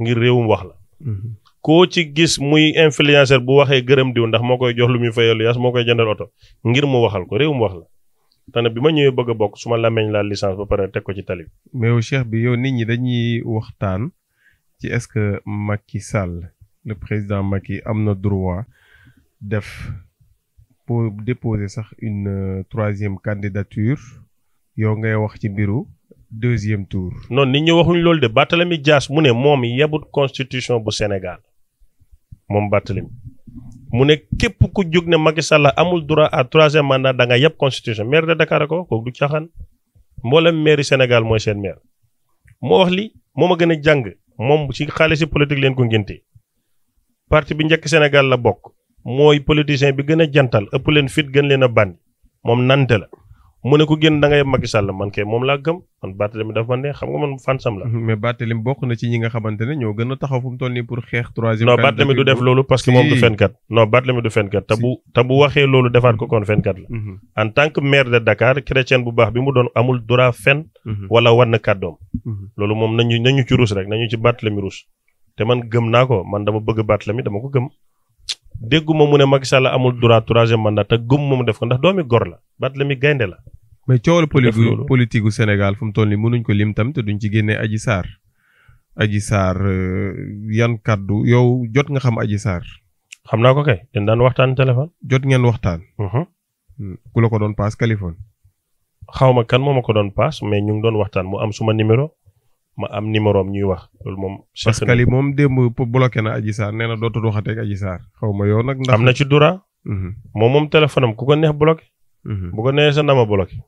ngir réewum wax la. Mm-hmm. koo ci gis muy influenceur bu waxee gërëm diw ndax moo koy jox lu muy fayal yaas moo koy jëndal ngir mu waxal ko réewum wax dana bi ma ñëwee bëgg bokk suma ma laa licence ba pare teg ko ci tali. mais yow Cheikh bi yow nit ñi dañuy waxtaan ci est-ce que Macky Sall le président Macky am na droit def pour déposer sax une euh, troisième candidature yow ngay wax ci mbiru deuxième tour. non nit ñi waxuñ loolu de Barthélémy Dias mu ne moom yebut constitution bu Sénégal moom Barthélémy mu ne képp ku jóg ne Macky Sall amul droit à troisième mandat da nga yàpp constitution maire de Dakar ko kooku du caaxaan mboolem maire Sénégal mooy seen maire. moo wax li moo ma gën a jàng moom ci xaalisi politique leen ko ngénte parti bi njëkk Sénégal la bokk mooy politicien bi gën a jantal ëpp leen fit gën leen a bànn moom nante la. mu ne ko génn da ngay Macky Sall man kay moom laa gëm man Barthélemy dafa ma ne xam nga man fan la. mais Barthélemy bokk nga xamante ne ñoo gën a taxaw fu mu toll nii pour xeex troisième. non Barthélemy du def loolu parce que moom du fenkat. non Barthélemy du fenkat te bu te bu waxee loolu defaat ko kon fenkat la. Mhm. en tant que maire de Dakar chrétien bu baax bi mu doon amul droit fen. Mhm. wala war na kàddoom. Mhm. loolu moom nañu nañu ci ruus rek nañu ci Barthélemy ruus. te man gëm naa ko man dama bëgg Barthélemy dama ko gëm dégguma mu ne Macky Sall amul droit troisième mandat te gëm moom def ko ndax doomi gor la Barthélemy gaynde la. mais coowal politique politique gu Sénégal fu mu toll nii mënuñ ko lim tam te duñ ci génnee Adji Sarr. Adji Sarr euh, yan kàddu yow jot nga xam aji Sarr. xam naa ko kay dañ daan waxtaan téléphone. jot ngeen waxtaan. Mhm. ku la ko doon paas Kaliphone. xaw ma kan moom ma ko doon paas mais ñu ngi doon waxtaan mu am suma numéro. ma am numéro am ñuy wax loolu moom. parce que li moom démb bloqué na aji Sarr nee na dootul waxateeg Adji Sarr xaw ma yow nag. ndax am na ci dura. Mhm. moom moom téléphone ku ko Mm-hmm. bu ko nee sa na ma bloqué.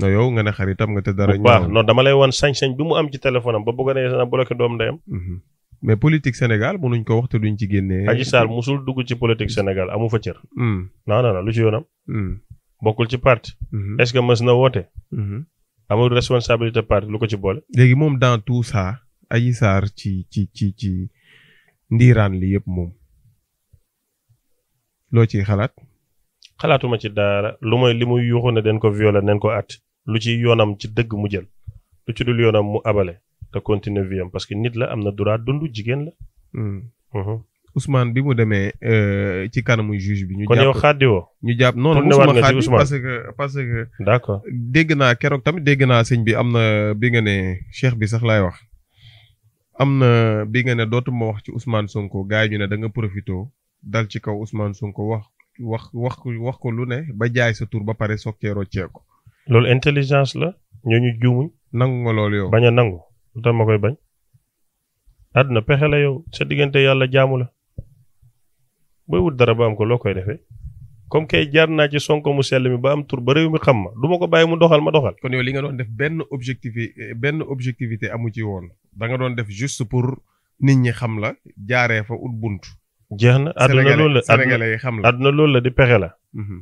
no yow nga ne xaritam nga te dara. bu baax non dama lay won sañ-sañ bi mu am ci téléphone ba bu ko nee sa na bloqué doom ndeyam. Mm-hmm. mais politique Sénégal mënuñ ko wax te ñu ci génnee. Adji Sarr musul dugg ci politique Sénégal amu fa cër. Mm. non non lu ci yoonam. Mm. bokkul ci parti. Mm-hmm. est-ce que mës na woote. amul responsabilité parti lu ko ci boole. léegi moom dans tout ça Adji Sarr ci ci ci ci ndiiraan li yëpp moom loo ciy xalaat. xalaatuma ci dara lu mooy li mu yuuxu ne den ko violer nen ko at lu ci yoonam ci dëgg mu jël lu ci dul yoonam mu abale te continuer vie parce que nit la am na droit dund jigéen la. Hmm. Mhm. Ousmane bi mu demee euh, ci kanamu juge bi. ñu jàpp kon yow xaddi ñu jàpp non non mosuma xaddi parce que parce que. dégg naa keroog tamit dégg naa sëñ bi am na bi ne cheikh bi sax laay wax. am na bi nga ne dootuma wax ci Ousmane Sonko gars yi ñu ne da nga profité dal ci kaw Ousmane Sonko wax wax wax ko wax ko lu ne ba jaay sa tur ba pare soog cee ko loolu intelligence la ñoo ñu juumuñ. nangu ma loolu yow. bañ a nangu lu tax ma koy bañ. àdduna pexe la yow sa diggante yàlla jaamu la. booy wut dara ba am ko loo koy defee. comme kay jaar naa ci sonko mu sell mi ba am tur ba réew mi xam ma duma ko bàyyi mu doxal ma doxal. kon yow li nga doon def benn objectivité benn objectivité amu ci woon da nga doon def juste pour nit ñi xam la jaaree fa ut bunt. jeex na àdduna loolu la sénégalais yi xam la àdduna loolu la di pexe la. Mhm.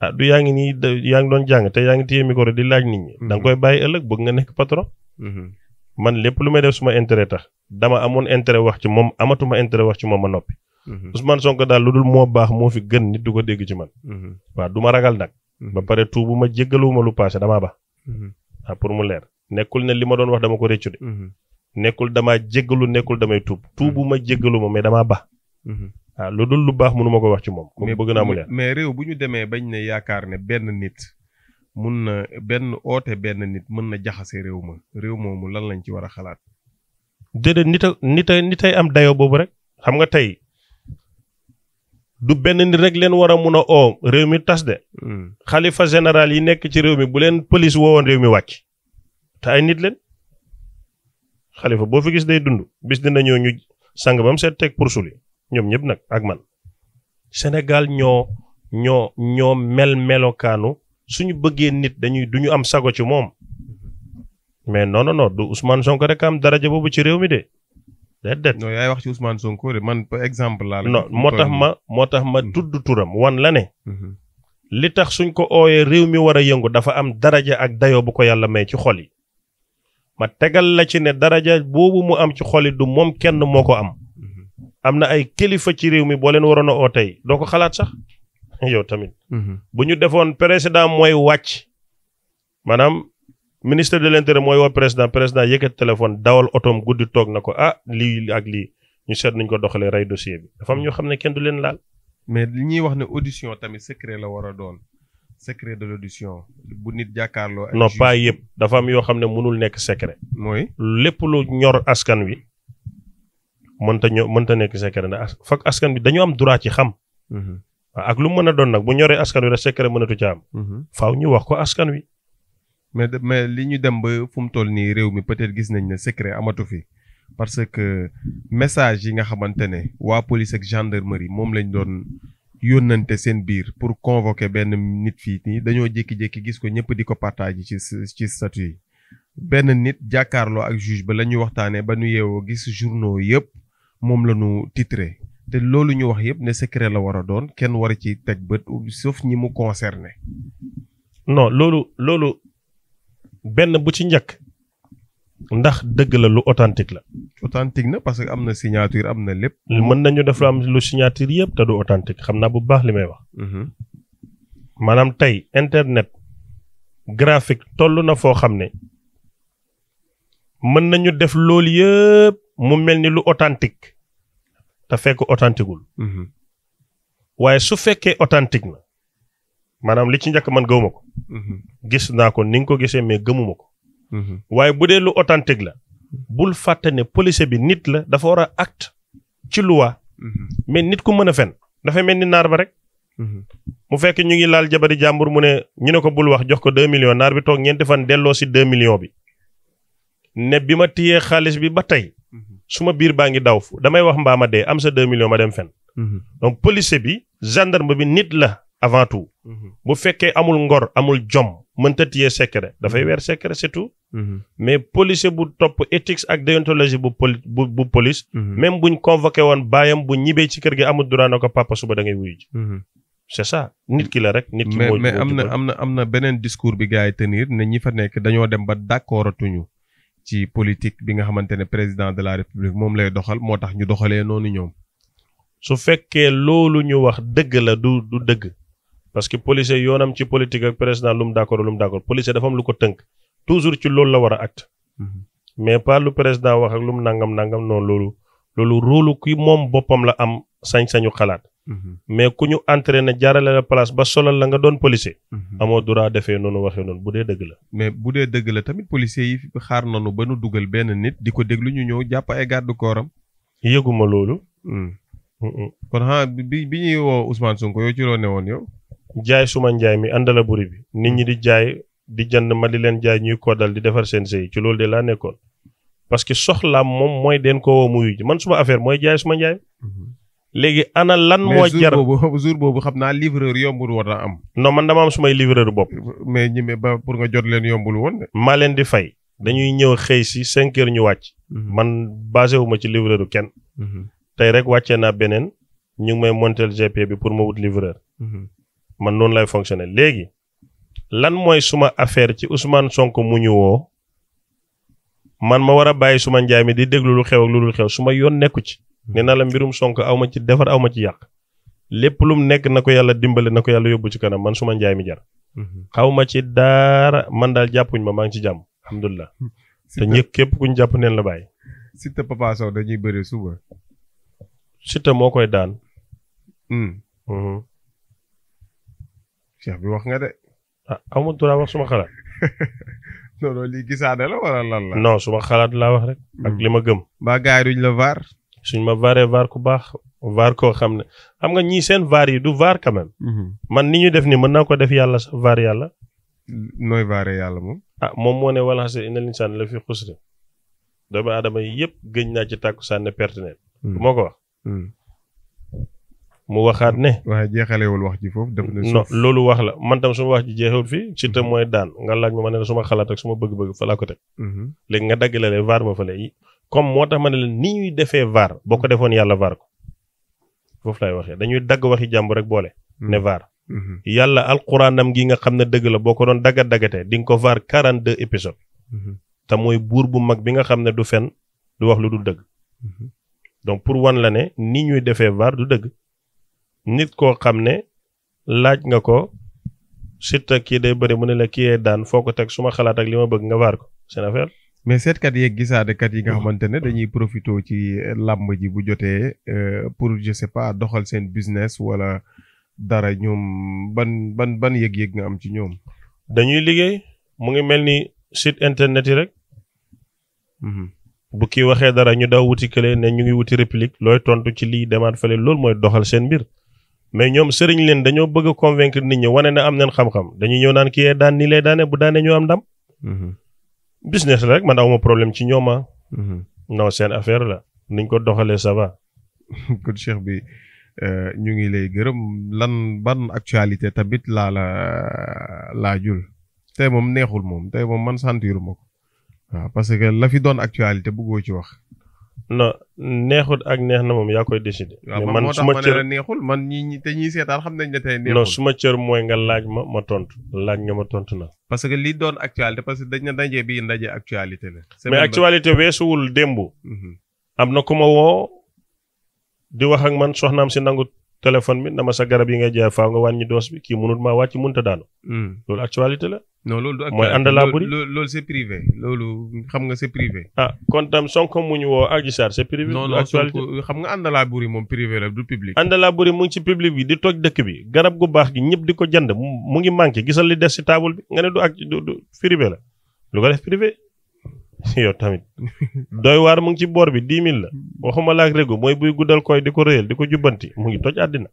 ah yaa ngi nii yaa ngi doon jàng te yaa ngi téye micro di laaj nit ñi. Mhm. da koy bàyyi ëllëg bëgg nga nekk patron. Mhm. man lépp lu may def suma intérêt tax dama amoon intérêt wax ci moom amatuma intérêt wax ci moom ma noppi. Ousmane sonk daal lu dul moo baax moo fi gën nit du ko dégg ci man. waaw du ma ragal nag. ba pare tuubu ma jéggaluwuma lu paase damaa ba. Ah, pour mu leer nekkul ne li ma doon wax dama ko réccu de. nekkul damaa jéggalu nekkul damay tuub tuubu ma jéggalu ma mais damaa ba. waaw mhm. ah, lu dul lu baax mënu ma ko wax ci moom. mais bëgg naa mu leer mais réew bu ñu demee bañ ne yaakaar ne benn nit mun na benn oote benn nit mën na jaxase réew ma réew moomu lan lañ ci war a xalaat. déedéet nit a nit a nit ay am dayo boobu rek xam nga tey du benn nit rek leen war a mun a oo réew mi tas de. Hmm. xalifa général yi nekk ci réew mi bu leen police woowoon réew mi wàcc te ay nit leen. xalifa boo fi gis day dund bis dina ñëw ñu sang ba mu seet teg pour suli ñoom ñëpp nag ak man Sénégal ñoo ñoo ñoo mel melokaanu suñu bëggee nit dañuy duñu am sago ci moom mais non noo non du Ousmane Sonko rek am daraja boobu ci réew mi de déedéet. non yaay wax ci Ousmane Sonko de man exemple laa la. moo tax ma moo tax ma mm-hmm. tudd turam wan la ne. Mm-hmm. li tax suñ ko ooyee réew mi war a yëngu dafa am daraja ak dayoo bu ko yàlla may ci xol yi ma tegal la ci ne daraja boobu mu am ci xol yi du moom kenn moo ko am. am na ay kilifa ci réew mi boo leen waroon a oo tey doo ko xalaat sax yow tamit. Mhm. bu ñu defoon président mooy wàcc maanaam ministre de l'intérieur mooy woo président président yëkkat téléphone dawal otoom guddi toog na ko ah lii ak lii ñu seet nañ ko doxalee rey dossier bi dafa am ñoo xam ne kenn du leen laal. mais li ñuy wax ne audition tamit secret la war a doon. secret de l'audition bu nit jàkkaarloo. non pas yëpp dafa am yoo xam ne mënul nekk secret. mooy lépp lu ñor askan wi. mënta ñoo mënta nekk secret ndax fak askan bi dañu am droit ci xam. Mhm. waaw ak lu mu mën a doon nag bu ñoree askan wi rek secret mënatu ca am. Mhm. faaw ñu wax ko askan wi. mais mais li ñu dem ba fu mu toll nii réew mi peut-être gis nañ ne secret amatu fi parce que message yi nga xamante ne waa police ak gendarmerie moom lañ doon yónnante seen biir pour convoquer benn nit fii nii dañoo jékki-jékki gis ko ñëpp di ko partage ci ci statut yi benn nit jàkkaarloo ak juge ba la ñuy waxtaanee ba nu yeewoo gis journaux yëpp moom la titre titré te loolu ñu wax yëpp ne secret la war a doon kenn war ci teg bët sauf ñi mu concerné. no loolu loolu benn bu ci njëkk ndax dëgg la lu authentique la. authentique na parce que am na signature am na lépp. mën nañu def lu am lu signature yëpp te du authentique xam naa bu baax li may wax. Mhm. maanaam tey internet graphique toll na foo xam ne mën nañu def loolu yëpp mu mel ni lu authentique te fekk authentique wul mm-hmm. waaye su fekkee authentique na maanaam li ci njëkk man gëwuma ko mm-hmm. gis naa ko ni nga ko gisee mais gëmuma ko mm-hmm. waaye bu dellu lu la bul fàtte ne police bi nit la dafa war a akt ci loi mais nit ku mën a fen dafa mel ni naar ba rek mu fekk ñu ngi laal jabari jàmbur mu ne ñu ne ko bul wax jox ko deux millions naar bi toog ñeenti fan delloo si deux millions bi ne bi ma téyee xaalis bi ba tey su ma biir baa ngi daw fu damay wax mbaama dee am sa 2 millions ma dem fen mhm. donc policier bi gendarme bi nit la avant tout. Mhm. bu fekkee amul ngor amul jom mënta téye secret dafay mhm. weer secret c'est tout. mais policier bu topp éthique ak déontologie bu poli bu bu police. même buñ convoqué woon baayam bu ñibbee ci kër gi amul droit na ko papa suba da ngay wuyu ji. c'est ça nit ki la rek. nit ki mais mais am na am na am na beneen discours bi gars yi tenir ne ñi fa nekk dañoo dem ba d'accorduñu ci politique bi nga xamante ne président de la république moom lay doxal moo tax ñu doxalee noonu ñoom. su fekkee loolu ñu wax dëgg la du du dëgg parce que policier yoonam ci politique ak président lu mu d'accord lu mu d'accord policier dafa lu ko tënk toujours ci loolu la war a mhm. mais pas lu président wax ak lu mu nangam nangam noonu loolu. loolu rôle ki moom boppam la am sañ-sañu xalaat Mm-hmm. mais ku ñu entraîné jaarale la place ba solal la nga doon policier. Mm-hmm. amoo droit defee noonu waxee noonu bu dee dëgg la. mais bu dee dëgg la tamit policier yi xaar nañu ba nu dugal benn nit di ko déglu ñu ñëw jàpp ay garde corps am. yëguma loolu. Mm. kon xanaa bi bi ñuy woo Ousmane Sonko yow ci loo newoon yow. jaay suma njaay mi àndala buri bi nit ñi di mm. jaay di jënd ma di leen jaay ñuy koodal di defar seen sëy ci loolu de laa nekkoon parce que soxlaam moom mooy den ko woo muy man suma affaire mooy jaay suma njaay. Mm-hmm. léegi ana lan mooy jar boobu xam naa livreur yombul won na am. non man dama am sumay livreur bopp. mais ñi ba pour nga jot leen yombul woon. maa leen di fay dañuy ñëw xëy si cinq heures ñu wàcc. Mhm. man basé wu ma ci livreur kenn. Mhm. tey rek wàccee naa beneen ñu ngi may montel GP bi pour ma wut livreur. Mhm. man noonu lay fonctionner léegi lan mooy suma affaire ci Ousmane sonk mu ñu woo man ma war a bàyyi suma njaay mi di déglu lu xew lu dul xew suma yoon nekku ci. ne naa la mbirum Sonko awma ci defar aw ma ci yàq lépp lum nekk na ko yàlla dimbali na ko yàlla yóbbu ci kanam man suma ma njaay mi jar. Mhm. xaw ma ci daara man daal jàppuñ ma maa ngi ci jàmm alhamdulilah. te ñëpp képp ku ñu jàpp neen la bàyyi. Siteu Papa Sow dañuy bëri suba. Siteu moo koy daan. Mm. Mhm. cheikh bi wax nga de. ah amul wax suma xalaat. non non lii gisaane la wala lan la. non suma xalaat laa wax rek. ak mm. li ma gëm. mbaa gaay la vaar. suñ ma vaaree vaar ku baax vaar koo xam ne xam nga ñii seen vaar yi du vaar quand mhm. man ni ñu def nii mën naa ko def yàlla sax vaar yàlla. nooy vaaree yàlla moom. ah moom moo ne wala xase inal insaan la fi xusri doomu aadama yi yëpp gëñ naa ci tàkku sànne pertinent. Mm. moo ko wax. Mm. mu waxaat ne. waaye jeexalewul wax ji foofu def na non loolu wax la man tam su ma wax ji jeexewul fii ci te mooy daan nga laaj ma ma ne la suma xalaat ak suma bëgg-bëgg fa laa ko teg. Mm-hmm. léegi comme moo tax ma ne la ni ñuy defee vaar boo ko mm-hmm. defoon yàlla vaar ko foofu laay waxee dañuy dagg waxi jàmbu rek boole. Mm-hmm. ne vaar. Mm-hmm. yàlla alxuraanam gi nga xam ne dëgg la boo ko doon dagga daggate di nga ko vaar 42 épisodes. te mooy buur bu mag bi nga xam ne du fen du wax lu dul dëgg. donc pour wan la ne ni ñuy defee vaar du dëgg. nit koo xam ne laaj nga ko surtout kii day bari mu ne la kii daan foo ko teg suma xalaat ak li ma bëgg nga vaar ko mais seetkat yeeg gisaanekat yi nga xamante ne dañuy profité ci euh, làmb ji bu jotee euh, pour je sais pas doxal seen business wala dara ñoom ban ban ban yëg-yëg nga am ci ñoom. dañuy liggéey mu ngi mel ni site internet yi rek. Mhm. bu ki waxee dara ñu daw wuti kële ne ñu ngi wuti réplique looy tontu ci lii demaat fale loolu mooy doxal seen mbir. mais ñoom sëriñ leen dañoo bëgg a convaincre nit ñi wane na am nañ xam-xam dañuy ñëw naan kii yee daan nii lay daane bu daane ñoo am ndam. Mhm. business la rek man ma problème ci ñooma ah. mhm. non seen affaire la niñ ko doxalee ça va. kon bi euh, ñu ngi lay gërëm lan ban actualité tamit laa la laajul tey moom neexul moom tey moom man santir ko waaw parce que la fi doon actualité bëggoo ci wax. non neexut ak neex na moom yaa koy décider. man su ma cër neexul man ñi te ñi seetaan xam nañ ne tey neexul. non ma cër mooy nga laaj ma ma tontu laaj nga ma tontu na. parce que li doon actualité parce que dañ na ndaje bi ndaje actualité la. mais actualité weesuwul démb. Mhm. am na ku ma woo di wax ak man soxnaam si nangu téléphone bi na sa garab yi ngay jaay faaw nga wàññi doos bi kii mënut maa wàcc mënut daanu. Hmm. loolu actualité la. non loolu du actualité loolu xam nga c'est privé. ah kon tam Sonko mu ñu woo Adji Sarr c'est privé. non non Sonko xam nga ànd laa bëri moom privé la du public. ànd laa bëri mu ngi ci public bi di toj dëkk bi garab gu baax gi ñëpp di ko jënd mu ngi manqué gisal li des ci taabul bi nga ne du ak du privé la lu ko def privé. yow tamit doy waar mu ngi ci boor bi dix mille la waxuma laak régu mooy buy guddal koy di ko réyal di ko jubbanti mu ngi toj àddina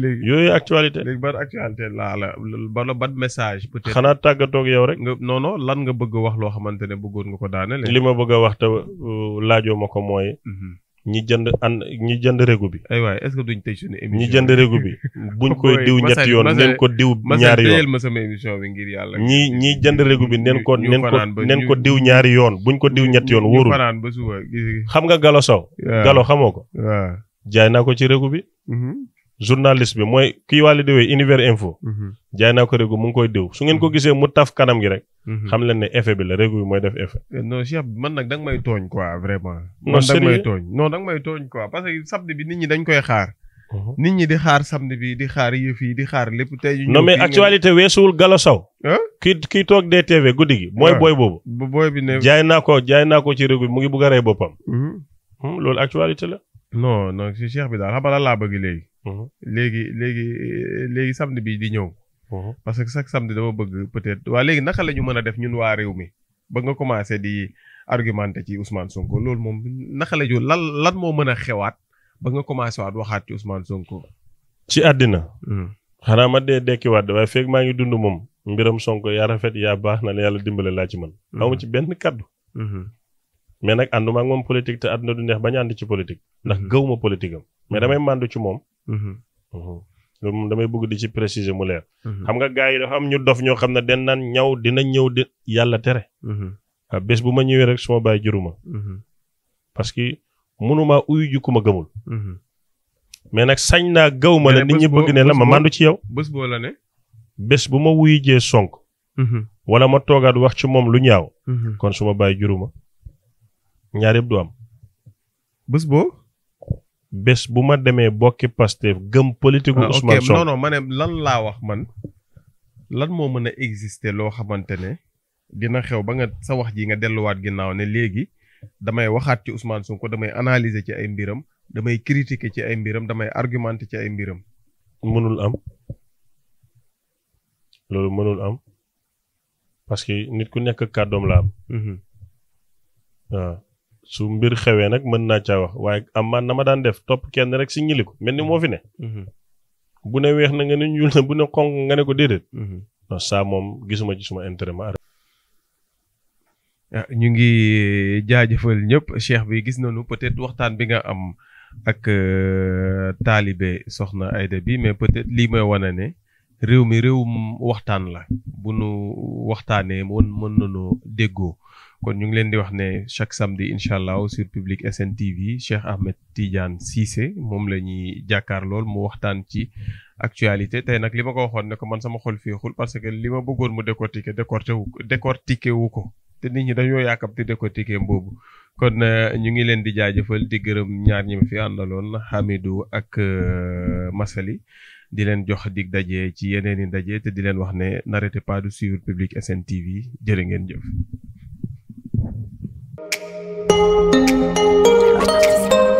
léegi yooyu actualité léegi ban actualité laa la ban ban message. peut-être xanaa tàggatoog yow rek. nga non lan nga bëgg wax loo xamante ne bëggoon nga ko daane. li ma bëgg a wax te euh, laajoo ma ko mooy. Mhm. ñi jënd an ñi jënd régu bi. ay waay est-ce que ñi jënd régu bi buñ koy diw ñetti yoon neen ko diw ñaari yoon ma sama émission bi ngir yàlla. ñi ñi jënd régu bi neen ko neen ko neen ko diw ñaari yoon buñ ko diw ñett yoon wóorul. xam nga galo saw. galo xamoo ko. jaay naa ko ci régu bi. Mhm. journaliste bi mooy kii wàlli diwee univers info. Mhm. jaay naa ko régu mu ngi koy diw su ngeen ko mhm. gisee mu taf kanam gi rek. Mhm. xam leen ne effet bi la régu bi mooy def effet. Eh, non Cheikh man nag may tooñ quoi vraiment. non danga may tooñ non danga may tooñ quoi parce bi nit ñi dañ koy xaar. nit ñi di xaar samedi bi di xaar yëf yi di xaar lépp tey. non mais actualité weesuwul Gallo Sow. kii kii toog DTV guddi gi. mooy booy boobu. booy bi ne jaay naa ko jaay naa ko ci régu mu ngi bugg a boppam. Hmm, loolu actualité la. non non si Cheikh bi daal xam nga laa bëgg léegi Mhm. léegi léegi euh, léegi samedi bi di ñëw. Mhm. parce que sax samedi dama bëgg peut-être waa léegi naka la ñu mën a def ñun waa réew mi ba nga commencé di argumenté ci Ousmane Sonko loolu moom naka la ñu lan lan moo mën a xewaat ba nga commencé waat waxaat ci Ousmane Sonko. ci àddina. Mhm. xanaa ma dee dekkiwaat waaye feeg maa ngi dund moom mbiram sonk yaa rafet yaa baax na la yàlla dimbale laa ci man amu ci benn kaddu. mais nag ànduma ak moom politique te àdduna du neex bañ ànd ci politique. ndax gëwuma politique am mais damay màndu ci moom. Mm-hmm. Mm-hmm. loolu moom damay bëgg di ci préciser mu leer. Mm-hmm. xam nga gars yi dafa am ñu dof ñoo xam ne den naan ñaw dina ñëw di yàlla tere. waaw ah, bés bu ma ñëwee rek suma baay juruma. parce que mënuma uyu ma gëmul. mais nag sañ naa gaw ma la nit ñi bëgg ne ma màndu ci yow. bés boo la ne. bés bu ma wuyu jee sonk. wala ma toogaat wax ci moom lu ñaaw. kon suma baay juruma ñaar yëpp du am. bés bu ma demee bokki Pastef gëm politique gu ah, Ousmane Sonko non ma ne lan laa wax man lan moo mën a existé loo xamante ne dina xew ba nga sa wax ji nga delluwaat ginnaaw ne léegi damay waxaat ci Ousmane ko damay analyser ci ay mbiram damay critiquer ci ay mbiram damay argumenter ci ay mbiram. mënul am loolu mënul am parce que nit ku nekk kàddoom la am. waaw. Mhm. Ah. su mbir xewee nag mën naa caa wax waaye am man na ma daan def topp kenn rek si ñili ko mel ni moo fi ne. Mm-hmm. bu ne weex na nga ne ñuul na bu ne xonq nga ne ko déedéet. saa mm-hmm. moom gisuma ci suma intérêt ma. Ah, ñu ngi jaajëfal ñépp cheikh bi gis na nañu peut-être waxtaan bi nga am ak euh, taalibe soxna Aida bi mais peut-être lii may wane ne réew mi réewum waxtaan la bu nu waxtaanee mën mën nañoo déggoo. kon ñu ngi leen di wax ne chaque samedi incha allah sur Public SN TV Cheikh Ahmed Tidiane Cissé moom la ñuy jàkkaar lool waxtaan ci actualité tey nag li ma ko waxoon ne ko man sama xol féexul parce que li ma bëggoon mu décortiquer décorté wu décortiquer wu ko te nit ñi dañoo yaakamti décortiquer boobu. kon euh, ñu ngi leen di jaajëfal di gërëm ñaar ñi ma fi àndaloon Hamidou ak euh, Massaly di leen jox dig daje ci yeneen i daje te di leen wax ne n'arrêtez pas de suivre Public SN jëre ngeen jëf. Thank you.